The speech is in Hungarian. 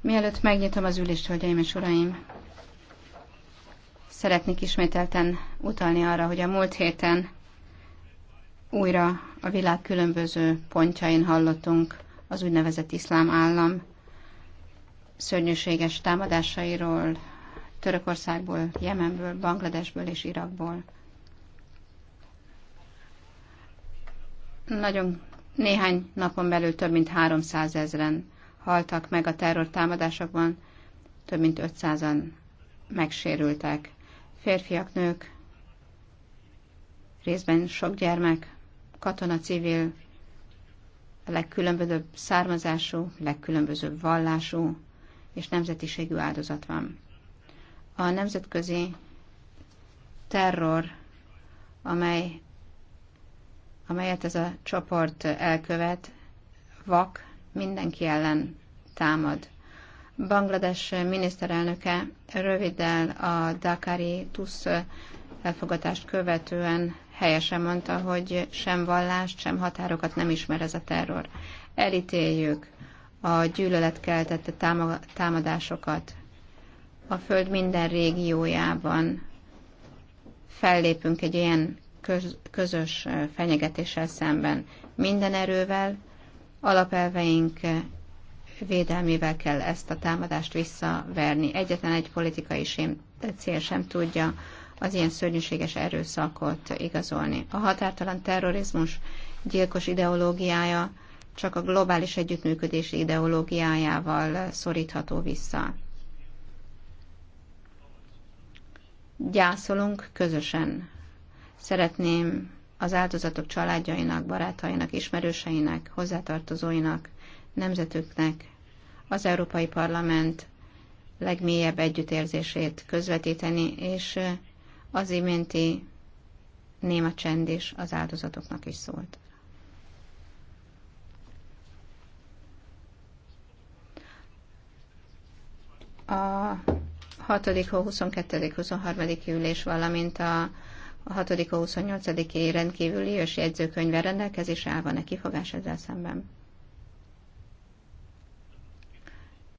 Mielőtt megnyitom az ülést, hölgyeim és uraim, szeretnék ismételten utalni arra, hogy a múlt héten újra a világ különböző pontjain hallottunk az úgynevezett iszlám állam szörnyűséges támadásairól, Törökországból, Jemenből, Bangladesből és Irakból. Nagyon néhány napon belül több mint 300 ezeren haltak meg a terrortámadásokban, több mint 500-an megsérültek. Férfiak, nők, részben sok gyermek, katona, civil, legkülönbözőbb származású, legkülönbözőbb vallású és nemzetiségű áldozat van. A nemzetközi terror, amely amelyet ez a csoport elkövet, vak mindenki ellen támad. Banglades miniszterelnöke röviddel a Dakari TUSZ elfogatást követően helyesen mondta, hogy sem vallást, sem határokat nem ismer ez a terror. Elítéljük a gyűlöletkeltette támadásokat. A Föld minden régiójában fellépünk egy ilyen közös fenyegetéssel szemben minden erővel, alapelveink védelmével kell ezt a támadást visszaverni. Egyetlen egy politikai sem, cél sem tudja az ilyen szörnyűséges erőszakot igazolni. A határtalan terrorizmus gyilkos ideológiája csak a globális együttműködés ideológiájával szorítható vissza. Gyászolunk közösen Szeretném az áldozatok családjainak, barátainak, ismerőseinek, hozzátartozóinak, nemzetüknek az Európai Parlament legmélyebb együttérzését közvetíteni, és az iménti néma csend is az áldozatoknak is szólt. A 6. 22. 23. ülés, valamint a a 6.-28. éj rendkívüli ős jegyzőkönyve rendelkezésre állva neki fogás ezzel szemben.